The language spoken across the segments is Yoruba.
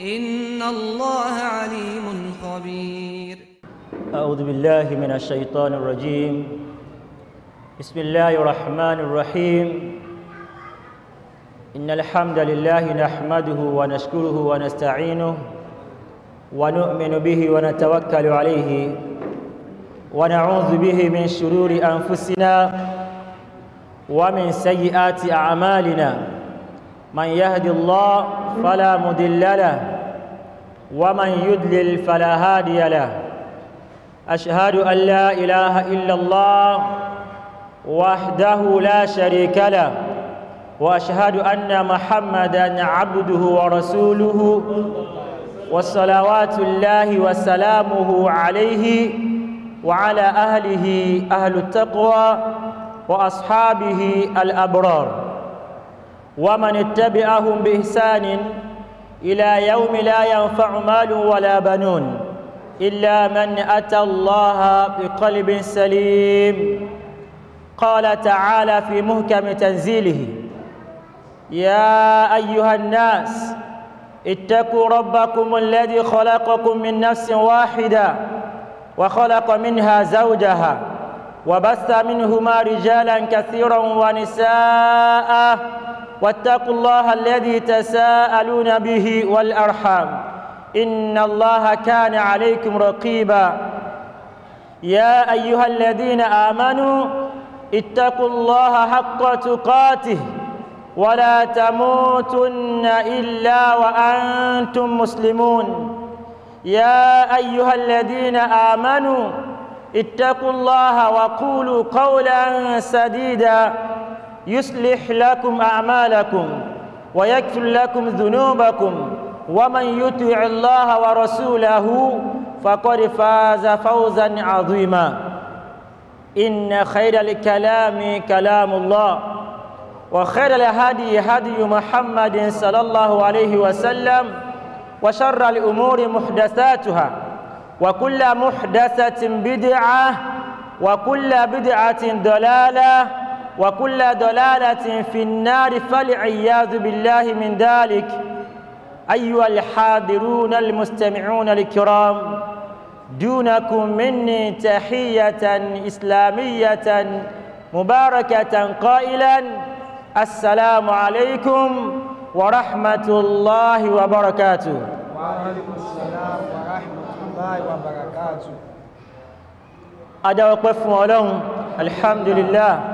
إن الله عليم خبير أعوذ بالله من الشيطان الرجيم بسم الله الرحمن الرحيم إن الحمد لله نحمده ونشكره ونستعينه ونؤمن به ونتوكل عليه ونعوذ به من شرور أنفسنا ومن سيئات أعمالنا من يهد الله فلا مضل له ومن يدلل فلا هادي له أشهد أن لا إله إلا الله وحده لا شريك له وأشهد أن محمدا عبده ورسوله والصلوات الله وسلامه عليه وعلى أهله أهل التقوى وأصحابه الأبرار ومن اتبعهم بإحسان إلى يوم لا ينفع مال ولا بنون إلا من أتى الله بقلب سليم قال تعالى في مهكم تنزيله يا أيها الناس اتقوا ربكم الذي خلقكم من نفس واحدة وخلق منها زوجها وبث منهما رجالا كثيرا ونساء واتقوا الله الذي تساءلون به والأرحام إن الله كان عليكم رقيبا يا أيها الذين آمنوا اتقوا الله حق تقاته ولا تموتن إلا وأنتم مسلمون يا أيها الذين آمنوا اتقوا الله وقولوا قولا سديدا يصلح لكم أعمالكم ويكفر لكم ذنوبكم ومن يطع الله ورسوله فقد فاز فوزا عظيما إن خير الكلام كلام الله وخير الهدي هدي محمد صلى الله عليه وسلم وشر الأمور محدثاتها وكل محدثة بدعة وكل بدعة ضلالة وكل دلالة في النار فالعياذ بالله من ذلك أيها الحاضرون المستمعون الكرام دونكم مني تحية إسلامية مباركة قائلا السلام عليكم ورحمة الله وبركاته وعليكم السلام ورحمة الله وبركاته أدعو قفوا لهم الحمد لله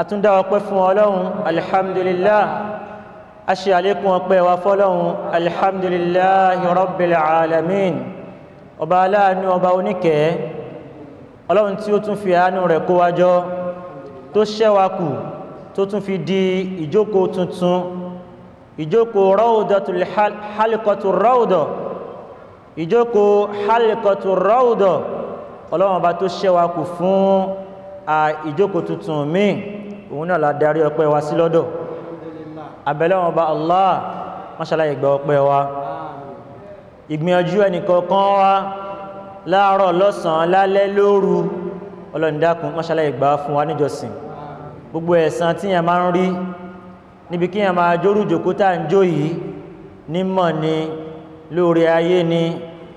àtúndá ọpẹ́ fún ọlọ́run alhamdulillah a ṣe àlékún ọpẹ́ wa fọ́lọ́run alhamdulillah rabbil alamin ọba aláàánú ọba oníkẹ́ ọlọ́run tí ó tún fi àánú rẹ̀ kó wájọ́ tó ṣẹ́wakù tó tún fi di ìjókòó tuntun ìjókòó rawdatul ọlọ́run ọba tó ṣẹ́wakù fún ìjókòó tuntun míì òun náà la darí ọpẹ́ wa sí lọ́dọ̀ abẹ́lẹ́ bá Allah mọ́ṣáláyé gba ọpẹ́ wa ìgbìyànjú ẹnìkọ̀ọ̀kan wa láàárọ̀ lọ́sàn-án lálẹ́ lóru Ọlọ́run dákun mọ́ṣáláyé gba fún wa níjọsìn gbogbo ẹ̀san tí yẹn máa ń rí níbi kí yẹn máa jórú jòkó ń jó yìí nímọ̀ ni lórí ayé ni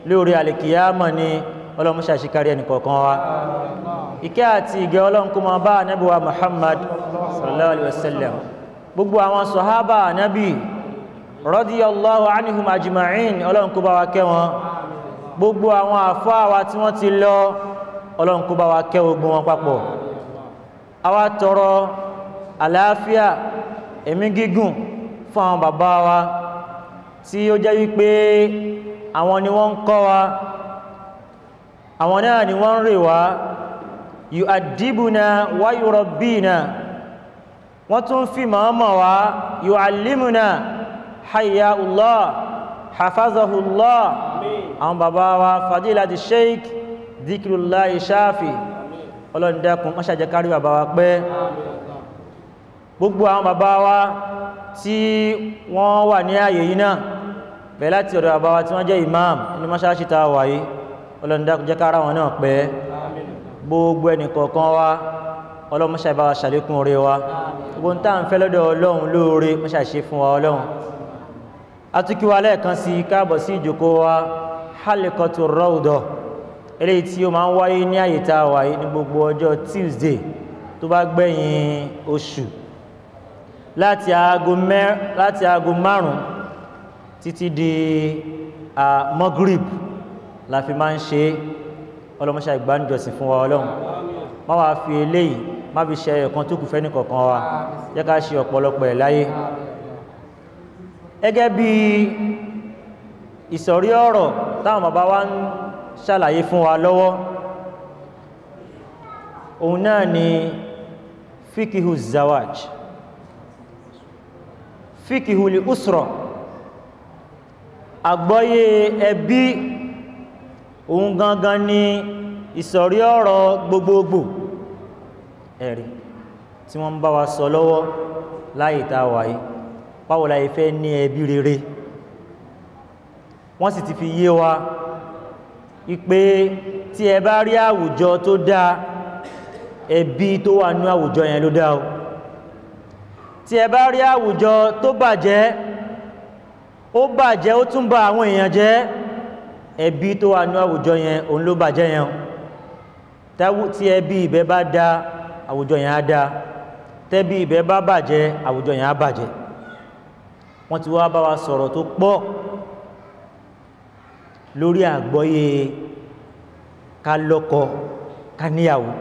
lórí àlèkìyámọ̀ ni ọlọ́run ṣe àṣekárí ẹnì kọ̀ọ̀kan wa ìkẹ́ àti ìgẹ́ ọlọ́run kó máa bá ànábì wa muhammad sallallahu alayhi wa sallam gbogbo àwọn sọ̀hábà ànábì radiyallahu anhum ajma'in ọlọ́run kó bá wa kẹ́ wọn gbogbo àwọn àfáà wa tí wọ́n ti lọ ọlọ́run kó bá wa kẹ́ ogun ẹ̀mí gígùn fún àwọn bàbá wa tí ó jẹ́ wípé àwọn ni wọ́n ń kọ́ wa àwọn náà ni wọ́n rè wá yu'addibuna wa yurabbina wọ́n tún fi mọ́mọ́ wá yu'allimuna hayya'ullah hafazahullah àwọn bàbá wa fadilati sheikh dhikrullahi shafi ọlọ́ndẹ́kùn mọ́ṣàjẹ́kárí bàbá wa pẹ́ gbogbo àwọn bàbá wa tí wọ́n wà ní ààyè yìí náà bẹ̀rẹ̀ láti ọ̀dọ̀ bàbá wa tí wọ́n jẹ́ imam inú mọ́ṣáláṣí ta ọlọ́ndàkùn jẹ́ kára wọn náà pẹ́ gbogbo ẹnì kọ̀ọ̀kan wa ọlọ́run mọ́ṣáì bá wa ṣàlékún oore wa gbogbo tá à ń fẹ́ lọ́dọ̀ ọlọ́run lóore mọ́ṣáì ṣe fún wa ọlọ́run atukí wa lẹ́ẹ̀kan sí káàbọ̀ sí ìjókòó wa halikọtu rọ́ọ̀dọ̀ eléyìí tí ó máa ń wáyé ní a wà uh, mọ́gírìbù la fi máa ń ṣe ọlọ́mọṣà ìgbàanìjọsìn fún wa ọlọ́run má wàá fi eléyìí má fi ṣe ẹ̀kan tó kù fẹ́ni kọ̀ọ̀kan wa jẹ́ ká ṣe ọ̀pọ̀lọpọ̀ ẹ̀ láyé gẹ́gẹ́ bí ìsọ̀rí ọ̀rọ̀ táwọn bàbá wa ń ṣàlàyé fún wa lọ́wọ́ òun náà ni fíkihù zawaj fíkihù li usra àgbọ́yé ẹbí òun gangan ni ìsọ̀rí ọ̀rọ̀ gbogbogbò ẹ̀rí tí wọ́n ń bá wa sọ lọ́wọ́ láyé tá a wà yìí báwo la fẹ́ ní ẹbí rere wọ́n sì ti fi yé wa ìpè tí ẹ bá rí àwùjọ tó dáa ẹbí tó wà ní àwùjọ yẹn ló dáa o tí ẹ bá rí àwùjọ tó bàjẹ́ ó bàjẹ́ ó tún ba àwọn èèyàn jẹ́ ẹbí tó wà ní àwùjọ yẹn òun ló bàjẹ́ yẹn tí ẹbí ibẹ̀ bá dá àwùjọ yẹn á dá tẹ́bí ibẹ̀ bá bàjẹ́ àwùjọ yẹn á bàjẹ́ wọ́n ti wá bá wa sọ̀rọ̀ tó pọ̀ lórí àgbọ́yé ká lọ́kọ ká níyàwó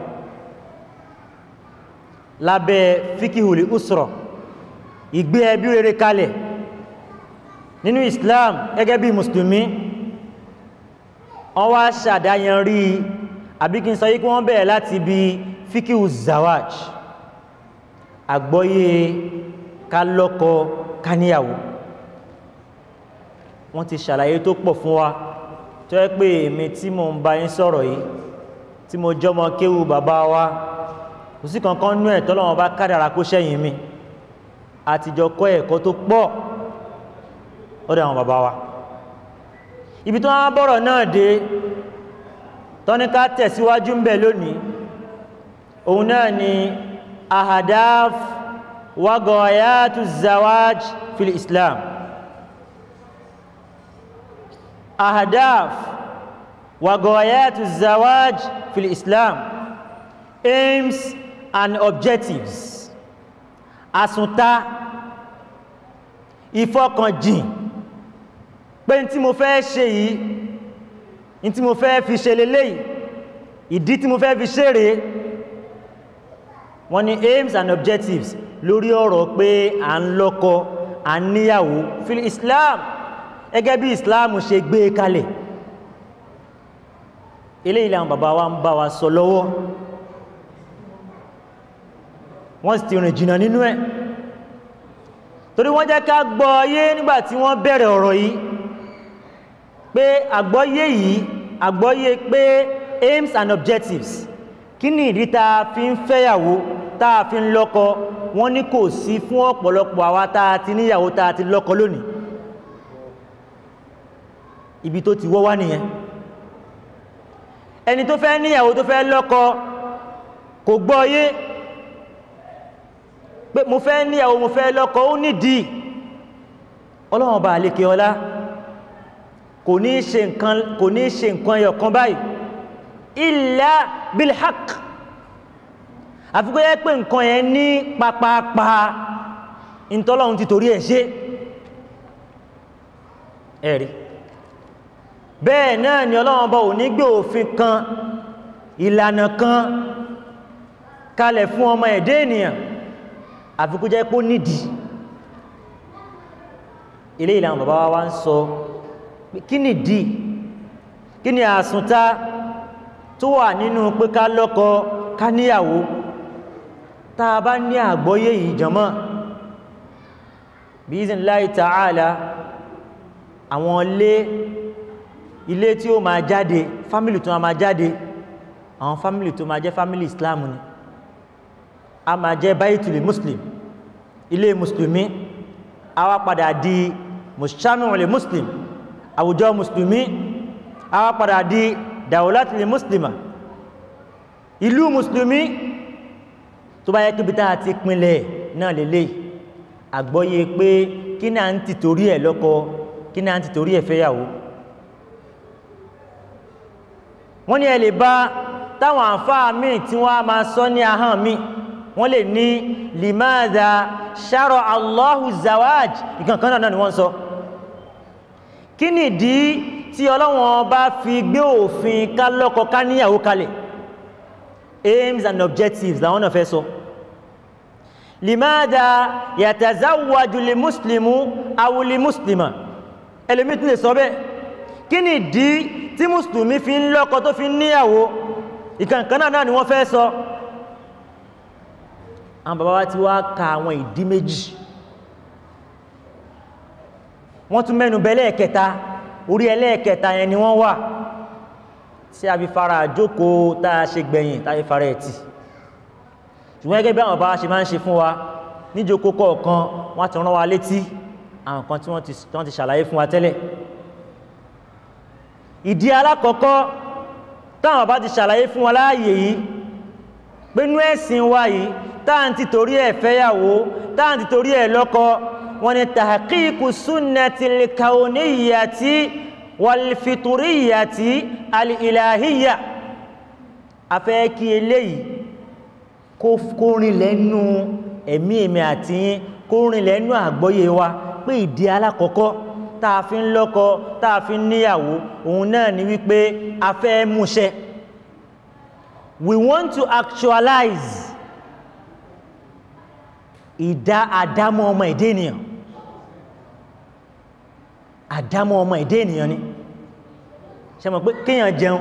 lábẹ́ fíkìhùlì usra ìgbé ẹbí rere kalẹ̀ nínú Islam gẹ́gẹ́ bí mùsùlùmí wọ́n wá ṣàdáyanrí àbí kí n sọ yí kí wọ́n bẹ̀rẹ̀ láti ibi fíkíù zawaj àgbọ́yé ká lọ́kọ ká níyàwó wọ́n ti ṣàlàyé tó pọ̀ fún wa tó yẹ pé èmi tí mo ń bá yín sọ̀rọ̀ yìí tí mo jọmọ kéwu bàbá wa kò sí kankan nú ẹ̀ tọ́lọ́wọ́n bá kádàrà kó ṣẹ̀yìn mi àtijọ́ kọ́ ẹ̀kọ́ tó pọ̀ ọ̀dọ̀ àwọn bàbá wa ibi tó wọ́n bọ̀rọ̀ náà dé tọ́níká tẹ̀síwájú ń bẹ̀ lónìí òun náà ni ahadaf wagoyatu zawaj fil islam ahadaf wagoyatu zawaj fil islam aims and objectives àsùntà ìfọkànjìn pé n tí mo fẹ́ ṣe yìí n tí mo fẹ́ fi ṣe leléyìí ìdí tí mo fẹ́ fi ṣe rèé wọ́n ní aims and objectives lórí ọ̀rọ̀ pé à ń lọ́kọ à ń níyàwó fil Islam gẹ́gẹ́ bí Islam ṣe gbé e kalẹ̀ eléyìí làwọn bàbá wa ń bá wa sọ lọ́wọ́ wọ́n sì ti rìn jìnnà nínú ẹ̀ torí wọ́n jẹ́ ká gbọ́ ọ yé wọ́n bẹ̀rẹ̀ ọ̀rọ̀ yìí pé àgbọ́yé yìí àgbọ́yé pé aims and objectives kí ni ìdí tá a fi ń fẹ́yàwó tá a fi ń lọ́kọ wọ́n ní kò sí fún ọ̀pọ̀lọpọ̀ àwa tá a ti níyàwó tá a ti lọ́kọ lónìí ibi tó ti wọ́ wá nìyẹn ẹni tó fẹ́ níyàwó tó fẹ́ lọ́kọ kò gbọ́ pé mo fẹ́ níyàwó mo fẹ́ lọ́kọ ó nídìí ọlọ́run bá àlekè ọlá kò ní ṣe nǹkan kò ní ṣe nǹkan ẹyọ kan báyìí illa bilhaq àfikún yẹ pé nǹkan yẹn ní papapa ntọ́lọ́run ti torí ẹ̀ ṣe ẹ̀rí bẹ́ẹ̀ náà ni ọlọ́run ọba ò ní gbé òfin kan ìlànà kan kalẹ̀ fún ọmọ ẹ̀dẹ́ ènìyàn àfikún jẹ́ pé ó nídìí ilé ìlànà bàbá wa ń sọ kí ni di kí ni àsùntà tó wà nínú pé ká lọ́kọ ká níyàwó tá a bá ní àgbọ́yé yìí jọmọ́ biiznillahi ta'ala àwọn ilé ilé tí ó máa jáde fámìlì tó máa jáde àwọn fámìlì tó máa jẹ́ fámìlì islam ni a máa jẹ́ báyìtìlì muslim ilé mùsùlùmí a wá padà di mùsùlùmí muslim àwùjọ mùsùlùmí a wá padà di dàwọ́láti lè mùsùlùmá ìlú mùsùlùmí tó bá yẹ kí bíta àti pinlẹ̀ náà lélẹ̀ àgbọ́yé pé kí náà ń ti torí ẹ̀ lọ́kọ kí náà ń ti torí ẹ̀ fẹ́yàwó wọ́n ní ẹ lè bá táwọn àǹfààní míì tí wọ́n á máa sọ ní ahọ́n míì wọ́n lè ní limaza shara allahu zawaj ìkankan náà ni wọ́n sọ. So kí nìdí tí ọlọ́wọ́n bá fi gbé òfin ká lọ́kọ ká níyàwó kalẹ̀ aims and objectives làwọn náà fẹ́ sọ limada yàtàzáwájú lè mùsùlùmù awolè mùsùlùmà ẹlòmí tún lè sọ bẹ́ẹ̀ kí nìdí tí mùsùlùmí fi ń lọ́kọ tó fi ń níyàwó ìkànkan náà ni wọ́n fẹ́ sọ àwọn bàbá wa ti wá ka àwọn ìdí méjì wọ́n tún mẹ́nu bẹ lẹ́ẹ̀kẹta orí ẹlẹ́ẹ̀kẹta yẹn ni wọ́n wà tí a fi fara àjókòó tá a ṣe gbẹ̀yìn tá a fi fara ẹ̀ tì ṣùgbọ́n gẹ́gẹ́ bí àwọn bàbá ṣe máa ń ṣe fún wa níjókòó kọ̀ọ̀kan wọ́n ti rán wa létí àwọn kan tí wọ́n ti ṣàlàyé fún wa tẹ́lẹ̀ ìdí alákọ̀ọ́kọ́ táwọn bàbá ti ṣàlàyé fún wa láàyè yìí pé nú ẹ̀sìn wa yìí táà ń ti torí ẹ̀ fẹ́yàwó táà ń ti torí ẹ̀ lọ́kọ wọ́n ní tahqiqu sunnatil kauniyati wal fituriyati al ilahiyya afẹ́ kí eléyìí kó rìn lẹ́nu ẹ̀mí èmi àti yín kó rìn lẹ́nu àgbọ́yé wa pé ìdí alákọ̀ọ́kọ́ tá fi ń lọ́kọ tá fi ń níyàwó òun náà ni wípé a múṣẹ we want to actualize ìdá àdámọ́ ọmọ ìdí ènìyàn àdámọ́ ọmọ ìdé ènìyàn ni ṣe mọ̀ pé kéèyàn jẹun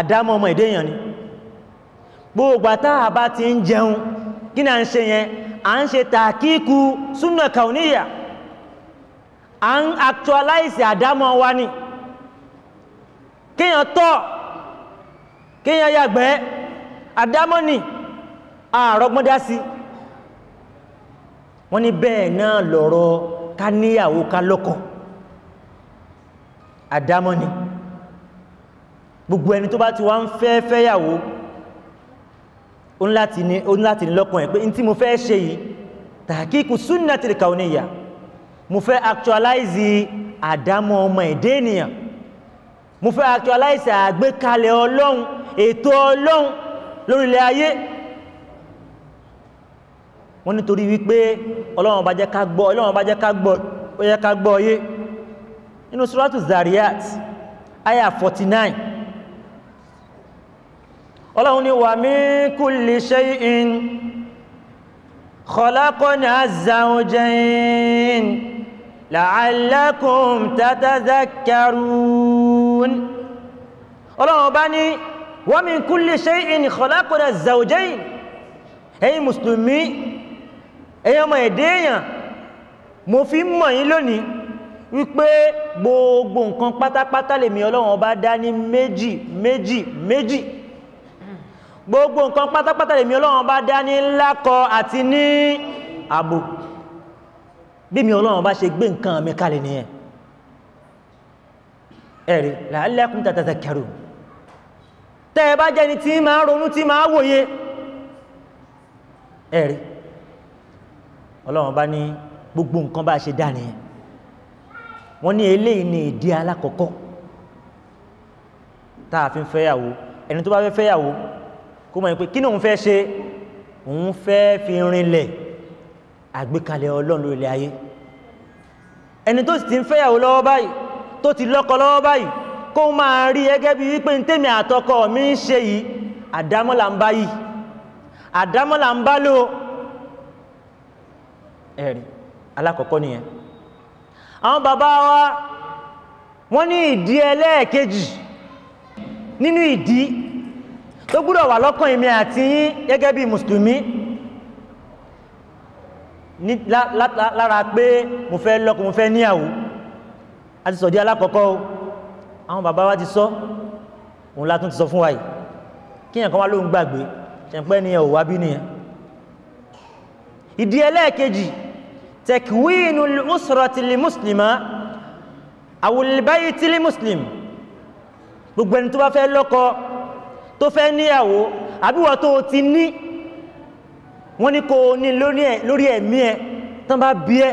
àdámọ́ ọmọ ìdé ènìyàn ni gbogbo àtàhà bá ti ń jẹun kí ni à ń ṣe yẹn à ń ṣe tàkíkù súnà kàwníyà à ń actualize àdámọ́ wa ni kéèyàn tọ̀ kéèyàn yàgbẹ́ àdámọ́ ni àrọ́gbọ́n dá sí wọ́n ní bẹ́ẹ̀ náà lọ̀rọ̀ ká níyàwó ká lọ́kọ àdámọ́ ni gbogbo ẹni tó bá ti wá ń fẹ́ fẹ́yàwó ó ń láti ní ó ń láti ní lọ́kàn ẹ̀ pé n tí mo fẹ́ ṣe yìí tàkíkù sunnatil kauniyya mo fẹ́ actualize àdámọ́ ọmọ ẹ̀dẹ́ ènìyàn mo fẹ́ actualize àgbékalẹ̀ ọlọ́run ètò ọlọ́run lórílẹ̀ ayé wọ́n nítorí wípé ọlọ́run bá jẹ́ ká gbọ́ ọlọ́run bá jẹ́ ká gbọ́ ó yẹ ká gbọ́ yé nínú suratu zariyat aya forty nine ọlọ́run ní wa min kulli shay'in khalaqna zawjayn la'allakum tatadhakkarun ọlọ́run bá ní wa min kulli ẹ̀yin ọmọ ẹ̀dẹ́ èèyàn mo fi ń mọ̀ yín lónìí wípé gbogbo nǹkan pátápátá lèmi ọlọ́run ọba dá ní méjì méjì méjì gbogbo nǹkan pátápátá lèmi ọlọ́run ọba dá ní lákọ àti ní àbò bí mi ọlọ́run ọba ṣe gbé nǹkan mi kalẹ̀ nìyẹn ẹ̀rí làálẹ́kùn tàtàtà kẹrù tẹ́ ẹ bá jẹ́ni tí máa ronú tí máa wòye ẹ̀rí ọlọ́run bá ní gbogbo nǹkan bá ṣe dá nìyẹn wọ́n ní eléyìí ní ìdí alákọ̀ọ́kọ́ tá a fi ń fẹ́yàwó ẹni tó bá fẹ́ fẹ́yàwó kó mọ̀ ní pé kí ni òun fẹ́ ṣe òun fẹ́ fi rinlẹ̀ àgbékalẹ̀ ọlọ́run lórí ilẹ̀ ayé ẹni tó sì ti ń fẹ́yàwó lọ́wọ́ báyìí tó ti lọ́kọ lọ́wọ́ báyìí kó máa rí gẹ́gẹ́ bí wípé ní tèmi àtọkọ mi ń ṣe yìí àdámọ́ ń bá yìí àdámọ́ ń bá lò ó ẹ̀rí alákọ̀ọ́kọ́ nìyẹn àwọn bàbá wa wọ́n ní ìdí ẹlẹ́ẹ̀kejì nínú ìdí tó gbúdọ̀ wà lọ́kàn èmi àti yín gẹ́gẹ́ bí mùsùlùmí lára pé mo fẹ́ lọ́kọ mo fẹ́ níyàwó a ti sọ̀dí alákọ̀ọ́kọ́ o àwọn bàbá wa ti sọ òun látún ti sọ fún wa yìí kíyàn kan wá ló ń gbàgbé ṣẹ̀ǹpẹ́ nìyẹn ò wá bí nìyẹn ìdí ẹlẹ́ẹ̀kejì tẹ̀kíwínú lùsùrọ̀tìlì mùsùlùmá àwùlùbáyì tìlì mùsùlùm gbogbo ẹni tó bá fẹ́ lọ́kọ tó fẹ́ níyàwó àbíwọ̀ tó ti ní wọ́n ní kó o ní lórí ẹ̀mí ẹ tán bá bí ẹ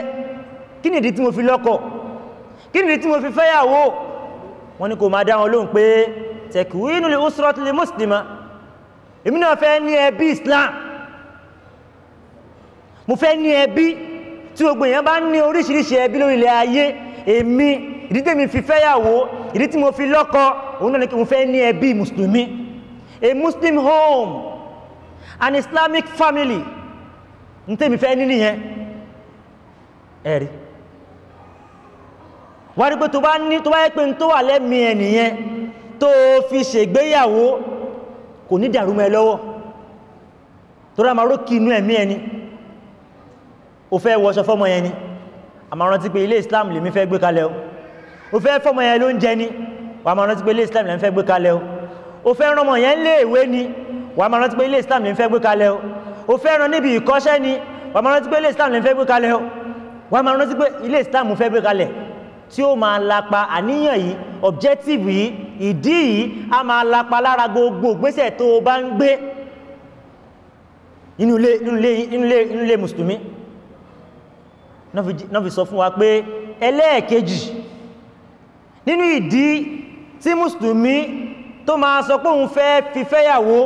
kí nìdí tí mo fi lọ́kọ kí nìdí tí mo fi fẹ́yàwó wọ́n ní kó máa dá lóhùn pé tẹ̀kíwínú lùsùrọ̀tìlì mùsùlùmá èmi fẹ́ ní ẹbí Islam mo fẹ́ ní ẹbí tí gbogbo èèyàn bá ní oríṣiríṣi ẹbí lórí ilẹ̀ ayé èmi ìdí tèmi fi fẹ́yàwó ìdí tí mo fi lọ́kọ òun náà ni mo fẹ́ ní ẹbí mùsùlùmí a muslim home an islamic family ní tèmi fẹ́ ní nìyẹn ẹ̀rí wọ́n rí pé tó bá ní tó bá yẹ pé tó wà lẹ́mìí ẹ nìyẹn tó fi ṣègbéyàwó kò ní dàrú mọ́ lọ́wọ́ tó rà máa rókì inú ẹ̀mí ẹni o fẹ́ wọṣọ fọ́mọ yẹn ni àmọ́ rántí pé ilé islam lèmi fẹ́ gbé kalẹ̀ o o fẹ́ fọ́mọ yẹn ló ń jẹ ni wàá máa rántí pé ilé islam lèmi fẹ́ gbé kalẹ̀ o o fẹ́ rán ọmọ yẹn lé ìwé ni wàá máa rántí pé ilé islam lèmi fẹ́ gbé kalẹ̀ o o fẹ́ rán níbi ìkọ́ṣẹ́ ni wàá máa rántí pé ilé islam lèmi fẹ́ gbé kalẹ̀ o wàá máa rántí pé ilé islam fẹ́ gbé kalẹ̀ tí ó máa lapa àníyàn yìí objective yìí ìdí yìí á máa lapa lára gbogbo ìgbésẹ̀ tó o bá ń gbé nínú ilé nínú náà fi sọ fún wa pé ẹlẹ́ẹ̀kejì nínú ìdí tí mùsùlùmí tó máa sọ pé òun fẹ́ fi fẹ́yàwó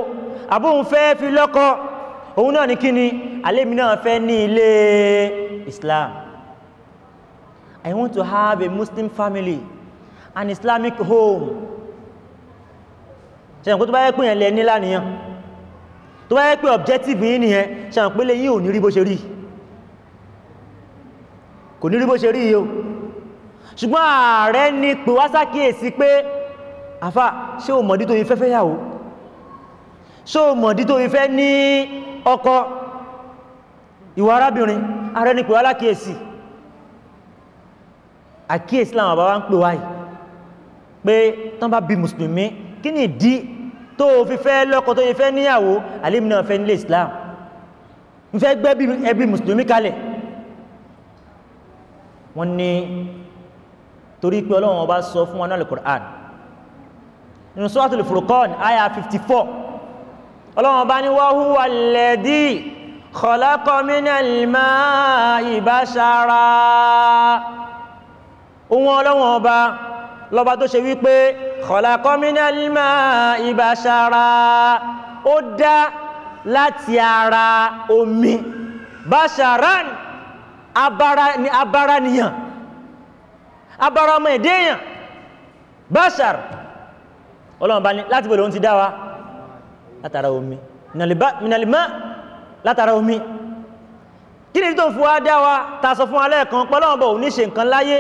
àbó òun fẹ́ fi lọ́kọ òun náà ní kíni àlémi náà fẹ́ ní ilé Islam I want to have a Muslim family an Islamic home ṣe tó bá yẹ pé yẹn lẹ ní lánìyàn tó bá yẹ pé objective yín nìyẹn ṣe lè yín ò ní rí bó ṣe rí kò ní rí bó ṣe rí yìí o ṣùgbọ́n ààrẹ ni pè wá sákìyèsí pé àfà ṣé o mọ̀dí tó yìí fẹ́fẹ́ yàwó ṣé o mọ̀dí tó yìí fẹ́ ní ọkọ ìwà arábìnrin ààrẹ ni pè wá lákìyèsí àkíyèsí làwọn bàbá ń pè wá yìí pé tán bá bí mùsùlùmí kí ni ìdí tó o fi fẹ́ lọ́kọ tó yìí fẹ́ níyàwó àlèmí náà fẹ́ nílé Islam ń fẹ́ gbé ẹbí mùsùlùmí kalẹ̀ wọ́n ní torí pé ọlọ́run ọba sọ fún wa náà al-Qur'an nínú Suratul Furqan aya fifty four ọlọ́run ọba ní wa huwa alladhi khalaqa minal ma'i bashara òun ọlọ́run ọba lọ́ba tó ṣe wípé khalaqa minal ma'i bashara ó dá láti ara omi basharan abara ni abara niyan abara ọmọ èdè èèyàn bashar ọlọ́run bá ní láti bọ̀lọ̀ ohun ti dá wa látara omi minalima látara omi kí ni tó fún wa dá ta sọ fún alẹ́ kan pọ́lọ́run bọ̀ ní ṣe nǹkan láyé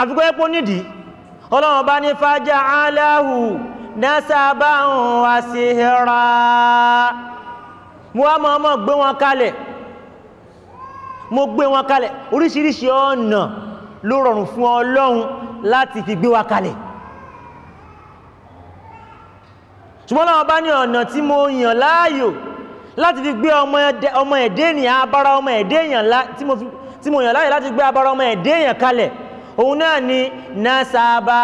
àfikún ẹ̀pọ̀ nídìí ọlọ́run bá ní fájá aláhù násàbáhùn àṣehẹ́ra mo wá mọ́ ọmọ gbé wọn kalẹ̀ mo gbé wọn kalẹ̀ oríṣiríṣi ọ̀nà ló rọrùn fún ọlọ́run láti fi gbé wa kalẹ̀ ṣùgbọ́n bá ní ọ̀nà tí mo yàn láàyò láti fi gbé ọmọ ẹ̀dẹ́ ènìyàn abára ọmọ ẹ̀dẹ́ èèyàn tí mo yàn láàyò láti gbé abára ọmọ ẹ̀dẹ́ èèyàn kalẹ̀ òun náà ni nasaba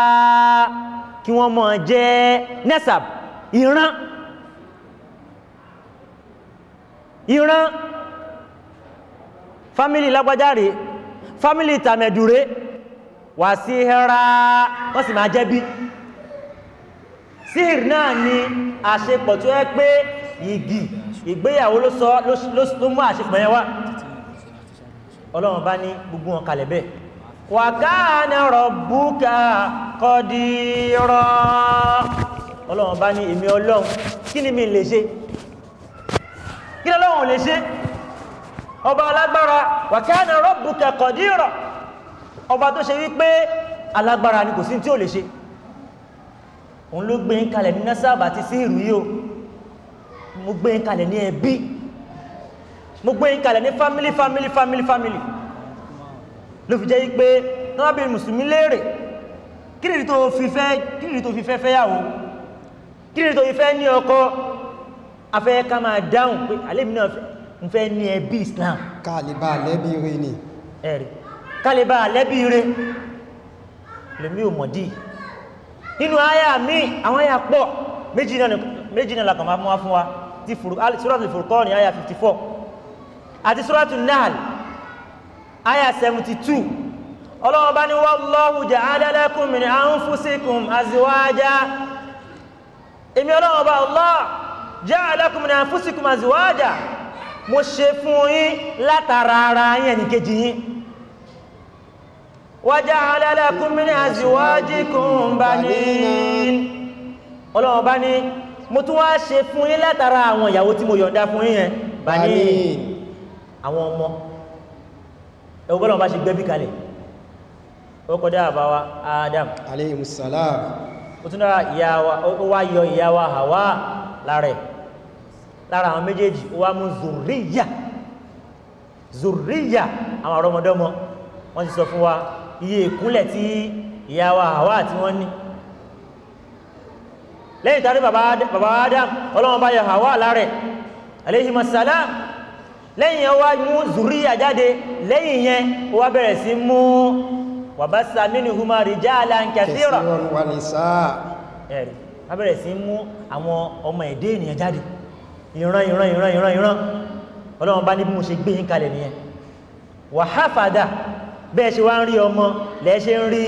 kí wọ́n mọ̀ jẹ́ nasab ìran ìran fámìlì lágbájáre fámìlì tàmẹ̀dùré wà sí hẹ́rá wọ́n sì máa jẹ́ bí síhìrì náà ni àṣepọ̀ tó yẹ pé igi ìgbéyàwó ló sọ ló mú àṣepọ̀ yẹn wá ọlọ́run bá ní gbogbo wọn kalẹ̀ bẹ́ẹ̀ wa kana rabbuka qadira ọlọ́run bá ní èmi ọlọ́run kí ni mi lè ṣe kí ni lè ṣe ọba alágbára wa kana rabbuka qadira ọba tó ṣe wípé alágbára ni kò sí tí ò lè ṣe òun ló gbé ń kalẹ̀ ní násàbà àti sí ìrù yìí o mo gbé ń kalẹ̀ ní ẹbí mo gbé ń kalẹ̀ ní family family family family ló fi jẹ́ wípé tọ́lábìrì mùsùlùmí léèrè kí tó fi fẹ́ kí tó fi fẹ́ fẹ́yàwó kí tó fi fẹ́ ní ọkọ afẹ́ ká máa dáhùn pé àlẹ́ mi náà fẹ́ ń fẹ́ ní ẹbí islam kálíbà lẹ́bí rẹ ni ẹ̀rí kálíbà lẹ́bí rẹ lèmi ò mọ̀dí nínú àyà mi àwọn àyà pọ̀ méjì náà máa mú wá fún wa ti suratul furqan àyà 54 àti suratul nahl àyà 72 ọlọ́wọ́n bá ní wallahu ja'ala lakum min anfusikum azwaja èmi ọlọ́wọ́n bá Allah ja'ala lakum min anfusikum azwaja mo ṣe fún yín látara ara yín ẹnìkejì yín waja'ala lakum min azwajikum banin ọlọ́run bá ní mo tún wá ṣe fún yín látara àwọn ìyàwó tí mo yọ̀ǹda fún yín yẹn banin àwọn ọmọ ẹ̀wọ̀n bọ́lọ̀ bá ṣe gbẹ́bí kalẹ̀ ó Adam alayhi salam ó tún náà ìyá wa ó Hawa lára lára àwọn méjèèjì ó wá mú zòríyà zòríyà àwọn àrọmọdọ́mọ wọ́n ti sọ fún wa iye ìkúnlẹ̀ tí ìyá wa àwa àti wọ́n ní lẹ́yìn tàbí bàbá adam ọlọ́wọ́n bá yọ àwa lárẹ̀ aléhìmọ̀ sàlám lẹ́yìn ó mú zòríyà jáde lẹ́yìn yẹn ó wá bẹ̀rẹ̀ sí mú wàbásà mínú huma rijalan kathira ẹ̀rí wá bẹ̀rẹ̀ sí mú àwọn ọmọ ẹ̀dẹ́ ènìyàn jáde ìran ìran ìran ìran ìran ọlọ́run bá ní bí mo ṣe gbé yín kalẹ̀ nìyẹn wàháfàdà bẹ́ẹ̀ ṣe wá ń rí ọmọ lẹ́ẹ̀ ṣe ń rí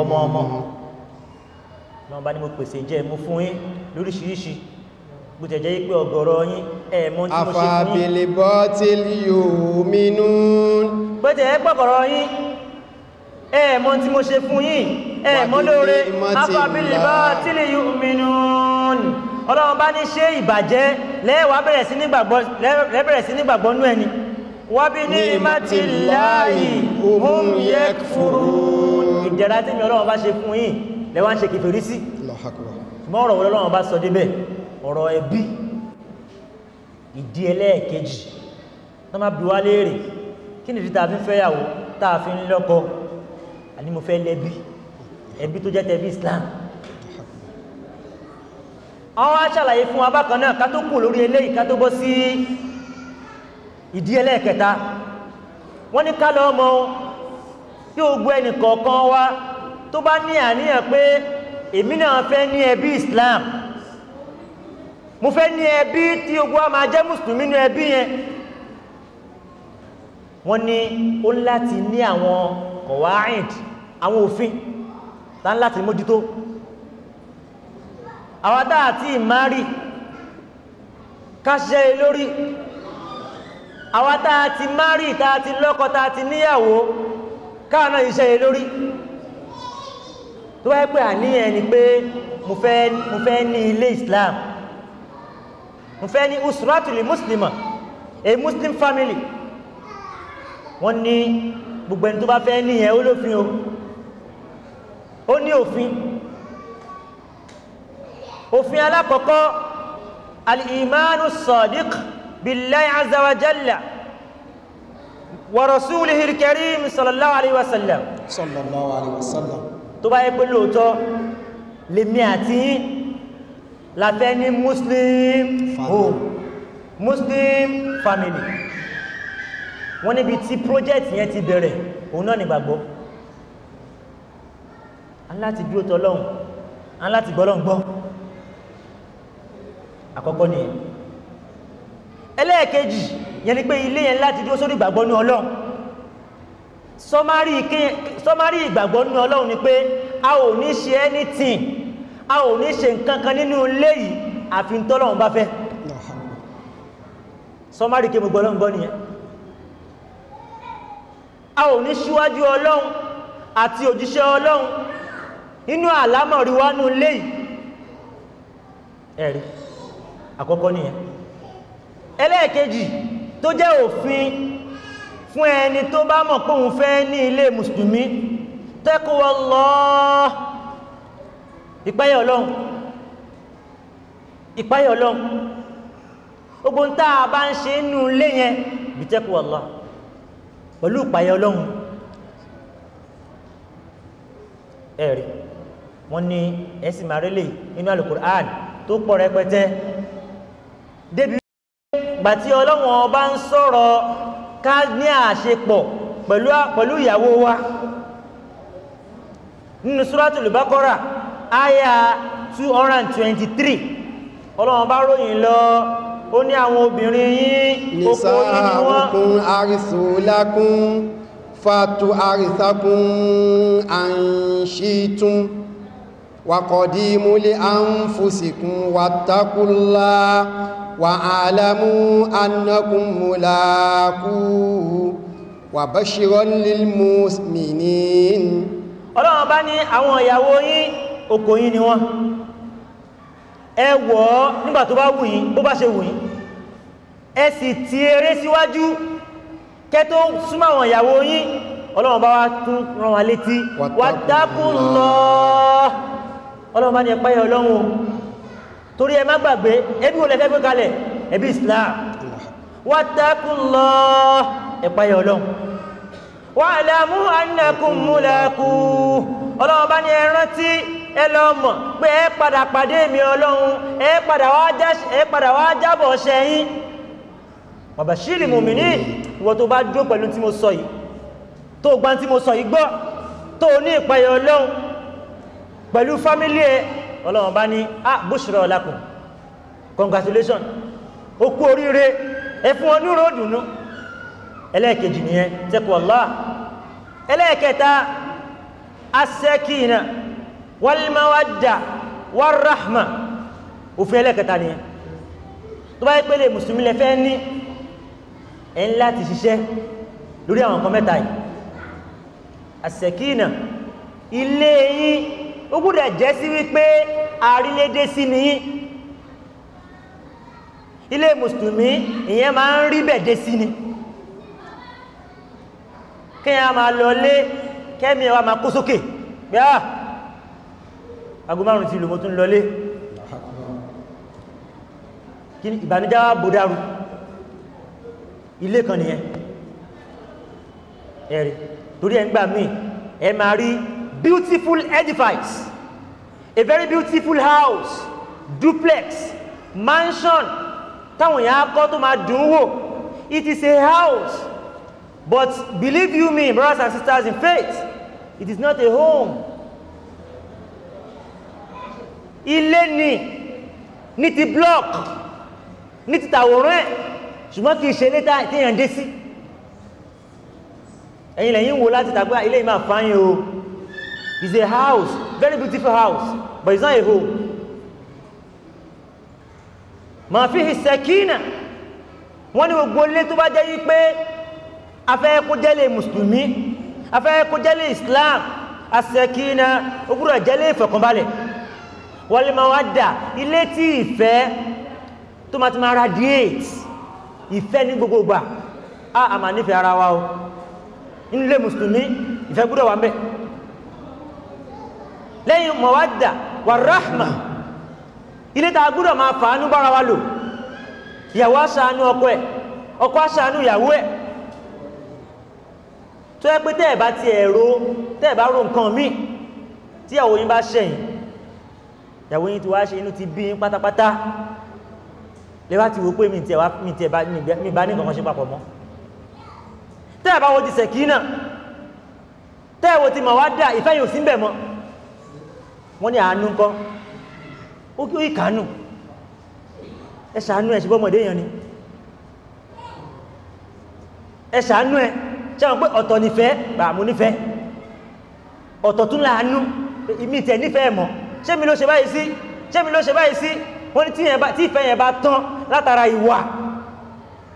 ọmọ ọmọ ọlọ́run bá ní mo pèsè jẹ́ mo fún yín lóríṣiríṣi bó tẹ̀ jẹ́ pé ọ̀gọ̀rọ̀ yín ẹ̀ mọ̀ tí mo ṣe fún yín. àfàbìlẹ̀ bọ́ tí yóò mínú. bó tẹ̀ jẹ́ yín ẹ̀ mọ̀ tí mo ṣe fún yín ẹ̀ mọ̀ lóore àfàbìlẹ̀ bọ́ tí yóò mínú ọlọ́run bá ní ṣe ìbàjẹ́ lẹ́wàá bẹ̀rẹ̀ sí nígbàgbọ́ lẹ́bẹ̀rẹ̀ sí nígbàgbọ́ nú ẹni wábí ní ìmátì láàyè òhun yẹ fúru ìdẹ̀ra tí mi ọlọ́run bá ṣe fún yín lẹ́wàá ń ṣe kìfèrí sí ṣùgbọ́n ọ̀rọ̀ ọlọ́run bá sọ débẹ̀ ọ̀rọ̀ ẹbí ìdí ẹlẹ́ẹ̀kejì tó má bí wá léèrè kí nìdí tá a fi ń fẹ́yàwó tá a fi ń lọ́kọ àní mo fẹ́ lẹ́bí ẹbí tó jẹ́ tẹbí Islam àwọn aṣàlàyé fún wa bákan náà ká tó kù lórí eléyìí ká tó bọ́ sí ìdí ẹlẹ́ẹ̀kẹta wọ́n ní ká lọ mọ̀ kí gbogbo ẹnì kọ̀ọ̀kan wa tó bá ní àníyàn pé èmi náà fẹ́ ní ẹbí Islam mo fẹ́ ní ẹbí tí ogun a máa jẹ́ mùsùlùmí ní ẹbí yẹn wọ́n ní ó láti ní àwọn kọ̀wáìd àwọn òfin láti mójútó àwọn táà tí ìmárì káṣẹ́ lórí àwọn táà ti márì táà ti lọ́kọ táà ti níyàwó káàná iṣẹ́ lórí tó wáyé àníyàn ni pé mo fẹ́ ní ilé Islam mo fẹ́ ní usratuli muslima a Muslim family wọ́n ní gbogbo ẹni tó bá fẹ́ níyẹn ó lófin o ó ní òfin òfin alákọ̀ọ́kọ́ alìmánu sadiq billahi azza wa jalla wa rasulihi al-karim sallallahu alayhi wa sallam sallallahu alayhi wa sallam tó bá yẹ pé lóòótọ́ lèmi àti la fẹ́ ní muslim home muslim family wọ́n níbi tí project yẹn ti bẹ̀rẹ̀ òun náà nígbàgbọ́ aláti dúró tọ́lọ́hun aláti gbọ́lọ́hun gbọ́ àkọ́kọ́ nìyẹn ẹlẹ́ẹ̀kejì yẹn ni pé ilé yẹn láti dúró sórí ìgbàgbọ́ ní ọlọ́run sọmárì ìgbàgbọ́ ní ọlọ́run ni pé a ò ní ṣe anything a ò ní ṣe nǹkan kan nínú ilé yìí àfi tọ́lọ́run bá fẹ́ sọmárì kí mo gbọ́ gbọ́ a ò ní síwájú ọlọ́run àti òjíṣẹ́ ọlọ́run nínú àlámọ̀rí wa ẹ̀rí. Eh, àkọ́kọ́ nìyẹn ẹlẹ́ẹ̀kejì tó jẹ́ òfin fún ẹni tó bá mọ̀ pé òun fẹ́ ní ilé mùsùlùmí tẹ́kọ̀ọ́ lọ ìpáyà ọlọ́run ìpáyà ọlọ́run Ogun bá ń ṣe inú léyẹn yẹn bí tẹ́kọ̀ọ́ pẹ̀lú wọ́n ẹ̀sìn nínú tó rẹpẹtẹ débi gbàtí ọlọ́wọ́n ọba ń sọ̀rọ̀ ká ní àṣepọ̀ pẹ̀lú ìyàwó wa nínú suratul Baqara àyà 223 ọlọ́wọ́n bá ròyìn lọ ó ní àwọn obìnrin yín okó nínú wọn nisa'ukum harisun lakum fatu harisakum an shi'tum wa qadimu واعلموا انكم ملاقوه وبشرا للمؤمنين ni wọ́n ẹ nígbà tó bá wù bó bá ṣe wù ẹ sì ti eré síwájú kẹ́ tó súnmọ́ àwọn ìyàwó yín ọlọ́run bá wá tún rán wa létí wàtákùn lọ ọlọ́run bá ní ẹ páyà ọlọ́run torí ẹ má gbàgbé ẹbí wo lẹ fẹ́ gbé kalẹ̀ ẹbí islam wattaqullah ẹ̀páyà ọlọ́run wa'lamu annakum mulaqu ọlọ́run bá ní ẹ rántí ẹ lọ mọ̀ pé ẹ padà pàdé mi ọlọ́run ẹ padà wá jábọ̀ ṣẹ́yìn wabashiri mùmíní ìwọ tó bá dúró pẹ̀lú tí mo sọ yìí tó gbá tí mo sọ yìí gbọ́ tó ní ìpáyà ọlọ́run pẹ̀lú fámílì ẹ ọlọ́run bá ní ah bushra lakum congratulation ó kú oríire ẹ fún ọ nírò dùnú ẹlẹ́ẹ̀kejì nìyẹn taqwallah ẹlẹ́ẹ̀kẹta as-sakina wal mawadda war rahma òfin ẹlẹ́ẹ̀kẹta nìyẹn tó bá yẹ pé lẹ fẹ́ ní ẹ ń láti ṣiṣẹ́ lórí àwọn nǹkan yìí as ilé yín ó gbúdọ̀ jẹ́ sí wípé àrílédé sí ni ilé mùsùlùmí ìyẹn máa ń rí bẹ̀dé sí ni kí a máa lọ lé kẹ́mi wa máa kó sókè bí a ah, aago márùn-ún ti lò mo tún lọ lé ìbànújẹ́ wa bò dàrú ilé kan nìyẹn ẹ̀rí torí ẹ̀ ń gbà míì ẹ máa rí beautiful edifice, a very beautiful house, duplex, mansion, táwọn èèyàn akọ́ tó máa dùn wò. It is a house, but believe you me, brothers and sisters in faith, it is not a home. Ilé ni ní ti block ní ti tàwòrán ẹ̀ ṣùgbọ́n kì í ṣe létà tí èèyàn dé sí. Ẹ̀yin lẹ́yìn wo láti tàgbà ilé yìí máa fáyín o. Is a house, very beautiful house, but it's not a home. Ma fihi sakina. Wọ́n ní gbogbo ilé tó bá jẹ́ yí pé afẹ́ kó jẹ́lé Mùsùlùmí, afẹ́ kó jẹ́lé Islam, asakina, ó gbúdọ̀ jẹ́lé ìfọ̀kànbalẹ̀. Wal mawadda, ilé tí ìfẹ́ tó máa ti máa radiate, ìfẹ́ ní gbogbo gbà, a àmà nífẹ̀ẹ́ ara wa o. Nílé Mùsùlùmí, ìfẹ́ gbúdọ̀ wà ń bẹ̀ lẹ́yìn mọ̀wádà wà ráhmà ilé tá a gbúdọ̀ máa fàánú bára wa lò ìyàwó àṣàánú ọkọ ẹ̀ ọkọ àṣàánú ìyàwó ẹ̀ tó yẹ pé tẹ́ ẹ̀ bá ti ẹ̀rọ tẹ́ ẹ̀ bá ro nǹkan míì tí ìyàwó yín bá ṣẹ̀yìn ìyàwó yín ti wá ṣe inú ti bí yín pátápátá lè wá ti wò pé mi tiẹ̀ wá mi tiẹ̀ bá mi bá ní nǹkan kan ṣe papọ̀ mọ́ tẹ́ ẹ̀ bá wo ti sẹ̀kí náà tẹ́ wo ti mọ̀wádà ìfẹ́ yìí ò sí mọ́ wọ́n ní àánú kọ́ ó kí ó ìkàánù ẹ ṣàánú ẹ̀ ṣùgbọ́mọ̀dé èèyàn ni ẹ ṣàánú ẹ̀ ṣàwọn pé ọ̀tọ̀ nífẹ́ bàmú nífẹ́ ọ̀tọ̀ tún láàánú ìmí tẹ̀ nífẹ́ mọ̀ ṣé mi ló ṣe báyìí sí ṣé mi ló ṣe báyìí sí wọ́n ní tí ìfẹ́ yẹn bá tán látara ìwà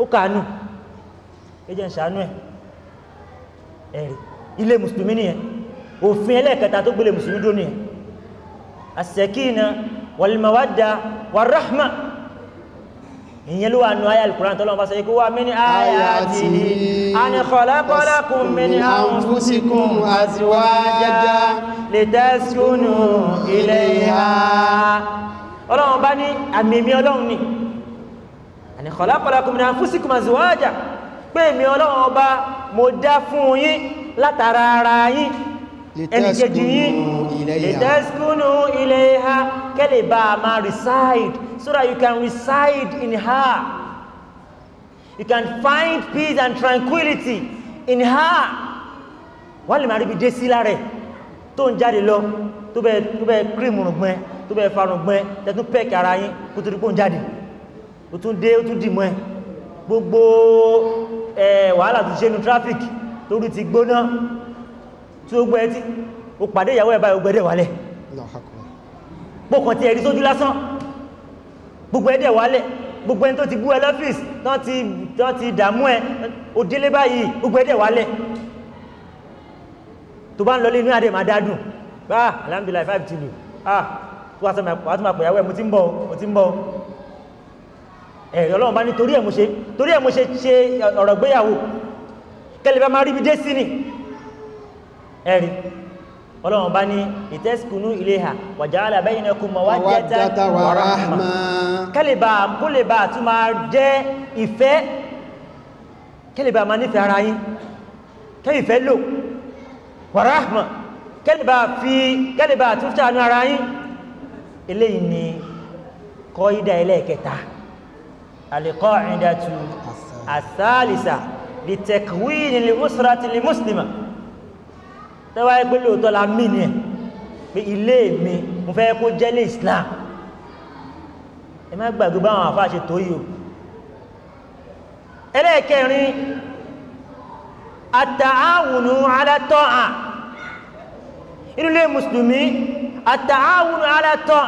ó kàánù ẹ jẹ́ ń ṣàánú ẹ̀ ẹ̀rí ilé mùsùlùmí nìyẹn òfin ẹlẹ́ẹ̀kẹta tó gbélé mùsùlùmí dúró nìyẹn as-sakina wal-mawadda war-rahma ìyẹn ló wà nù ayé alìkùrán tọ́lọ́ bá sẹ́yẹ́ kó wà mí ní ayati an khalaqa lakum min anfusikum azwaja litaskunu ilayha ọlọ́run bá ní àmìmí ọlọ́run ni an khalaqa lakum min anfusikum azwaja ọlọ́run ọba mo dá fún yín látara ìtẹ́sìkúnú ilayha kẹ́lẹ̀ bá a máa reside so that you can reside in her you can find peace and tranquility in her wọ́n lè máa rí bí dé sí lára tó ń jáde lọ tó bẹ́ẹ̀ tó bẹ́ẹ̀ kírìmù rùngbọ́n tó bẹ́ẹ̀ farùngbọ́n tẹ́tún pẹ́ẹ̀kì ara yín kó tó rí pé ó ń jáde ó tún dé ó tún dì mọ́ ẹ gbogbo wàhálà tó ṣe nu tráfíkì torí ti gbóná tí ó gbẹ́ tí ó pàdé ìyàwó ẹ̀bá ògbẹ́dẹ̀ wálẹ̀ pọ̀kàn ti ẹ̀rí sójú lásán gbogbo ẹ̀dẹ̀ wálẹ̀ gbogbo ẹni tó ti bú ẹ lọ́fíìsì tó ti dààmú ẹ ó délé báyìí gbogbo ẹ̀dẹ̀ wálẹ̀ tó bá ń lọlé inú àdè máa dádùn bá ah, alhamdulillah five tìlù ah tó wá tó máa pẹ̀yàwó ẹ̀ mo ti ń bọ̀ mo ti ń bọ̀ ẹ̀rí ọlọ́run bá ní torí ẹ̀ mo ṣe torí ẹ̀ mo ṣe ṣe ọ̀rọ̀ gbéyàwó kẹ́lẹ́ bá máa rí mi dé sí ni ẹ̀rí ọlọ́run bá ní ìtẹ́sìkúnú iléhà wàjáàlà bẹ́yìn ẹkù mọ̀wájẹ́ta wàráhàmà kẹ́lẹ̀bà kólẹ̀bà tún máa jẹ́ ìfẹ́ kẹ́lẹ̀bà máa nífẹ̀ẹ́ ara yín kẹ́ìfẹ́ lò wàráhàmà kẹ́lẹ̀bà fi kẹ́lẹ̀bà tún ṣàánú ara yín eléyìí ni kọ́ ìdá ẹlẹ́ẹ̀kẹta àlẹ́kọ́ ìdàtù àsálìsà lè tẹ̀kùwí ni lè mùsùlùmí tẹ́wàá yẹ pé lóòótọ́ la mí ni ẹ̀ pé ilé mi mo fẹ́ kó jẹ́ ilé Islam ẹ má gbàgbé báwọn àfa ṣe tó yìí ẹlẹ́ẹ̀kẹrin àtàáwùnú alátọ́ à inú àtàáwùnú alátọ́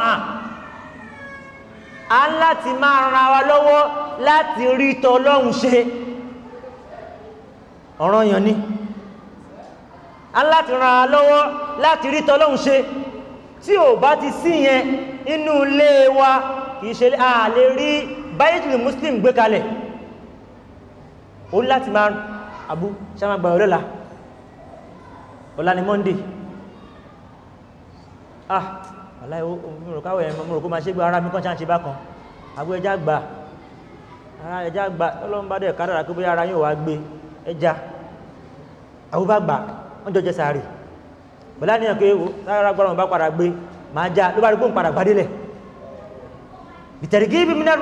à láti máa ra wa lọ́wọ́ láti rí tọ́lọ́hun ṣe ọ̀ranyàn ni a ń láti ran a lọ́wọ́ láti rí tọ́lọ́hún ṣe tí ò bá ti sí yẹn inú ilé wa kì í ṣe a lè rí báyìí muslim gbé kalẹ̀ ó láti máa àbú sáma gbà ọ̀rẹ́la ọ̀la ni monday ah aláì mọ̀rọ̀káwọ̀ ẹ̀ mọ̀rọ̀kó máa ṣe gbà ara mi kọ́ ṣáà ṣe bá kan àbú ẹja gbà ara ẹja gbà ọlọ́run bá dẹ̀ kádàrà pé bóyá ara yóò wá gbé ẹja àbú gbà wọ́n jọ jẹ sàárì pẹ̀lú àníyàn pé o sára gbọ́dọ̀ wọn bá padà gbé máa já ló bá rí gbóhùn padà gbadélẹ̀ bìtẹ̀rìgì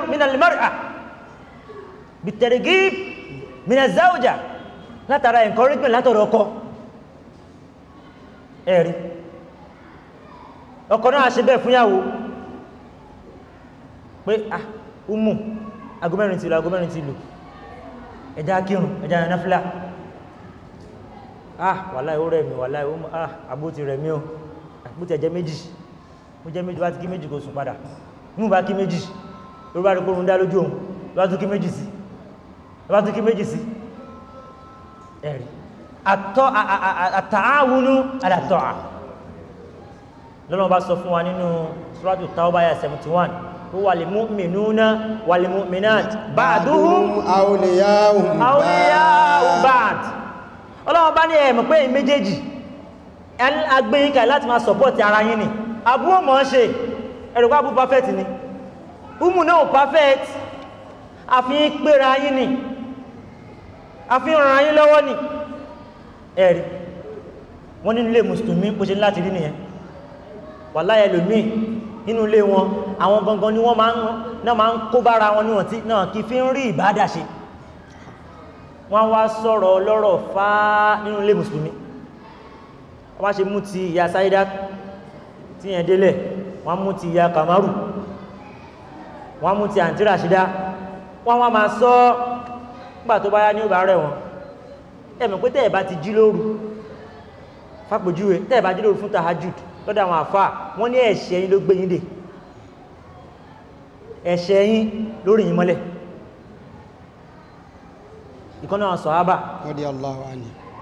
minal mar'a bìtẹ̀rìgì minaz zawja látara encouragement látọ̀rọ̀ ọkọ ẹ̀rí ọkọ náà ṣe bẹ́ẹ̀ fúnyàwó pé ah umu agomẹ́rin ti lò agomẹ́rin ti ẹ̀dá kírun ẹ̀dá náfìlà ah wàláì ó rẹ̀ mí wàláì ó ah àbó ti rẹ̀ mí o àbó ah, ti ẹ̀jẹ̀ méjì mo jẹ́ méjì bá ti kí méjì kò sùn padà mú bá kí méjì ló bá rí kórun dá lójú òun ló bá tún kí méjì sí ló bá tún kí méjì sí ẹ̀rí àtọ́ àtàáwúnú àdàtọ́ à lọ́nà bá sọ fún wa nínú suratu taubaya 71 huwa limu'minuna wal mu'minat ba'duhum awliya'u ba'd ọlọ́wọ́n bá ní ẹ̀mọ̀ pé méjèèjì agbẹ́yìnká láti máa support ara yín ni àbúrò mọ̀ ń ṣe ẹ̀rọ̀pá bú perfect ni umu náà perfect àfihàn pèrà yín ni àfihàn ràn yín lọ́wọ́ ni ẹ̀rí wọ́n nínú ilé mùsùlùmí bó ṣe láti rí nìyẹn wàláhì ẹlòmíì nínú ilé wọn àwọn gangan ni wọ́n máa ń kó bára wọn níwọ̀n tí náà kì fi ń rí ìbádà ṣe wọ́n wá sọ̀rọ̀ ọlọ́rọ̀ fá nínú ilé mùsùlùmí wọ́n bá ṣe mú ti ìyá sáídá tí yẹn délẹ̀ wọ́n mú ti ìyá kàmárù wọ́n mú ti àǹtí ràṣídá wọ́n wá máa sọ nígbà tó bá yá ní ó bá rẹ̀ wọ́n ẹ̀mọ̀ pé tẹ́ẹ̀ ti jí lóru fàpèjúwe tẹ́ẹ̀ jí lóru fún tahajud lọ́dọ̀ àwọn àfà wọ́n ní ẹ̀ṣẹ̀ yín ló gbé yín dè ẹ̀ṣẹ̀ yín lórí yín mọ́lẹ̀ ìkọ́nà àwọn sọ̀hábà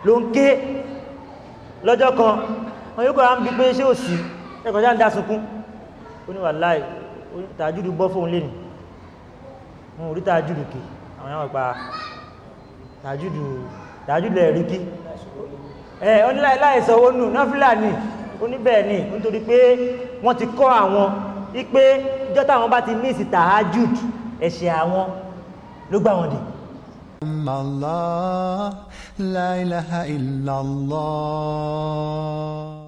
ló ń ké lọ́jọ́ kan wọn yóò kọ́ra ń bí pé ṣé ò sí ẹ̀kọ́ já ń dá sunkún ó ní wàláì tàájúdù bọ́ fóun lẹ́nu wọn ò rí tàájúdù kì àwọn yàwọn pa tàájúdù tàájúdù ẹ̀ rí kí ẹ̀ ó ní láì sọ owó nù náfìlà ni ó ní bẹ́ẹ̀ ni nítorí pé wọ́n ti kọ́ àwọn wípé jọ́tà wọn bá ti mísì tàájúdù ẹ̀ṣẹ̀ àwọn ló gbà wọn dì الله لا إله إلا الله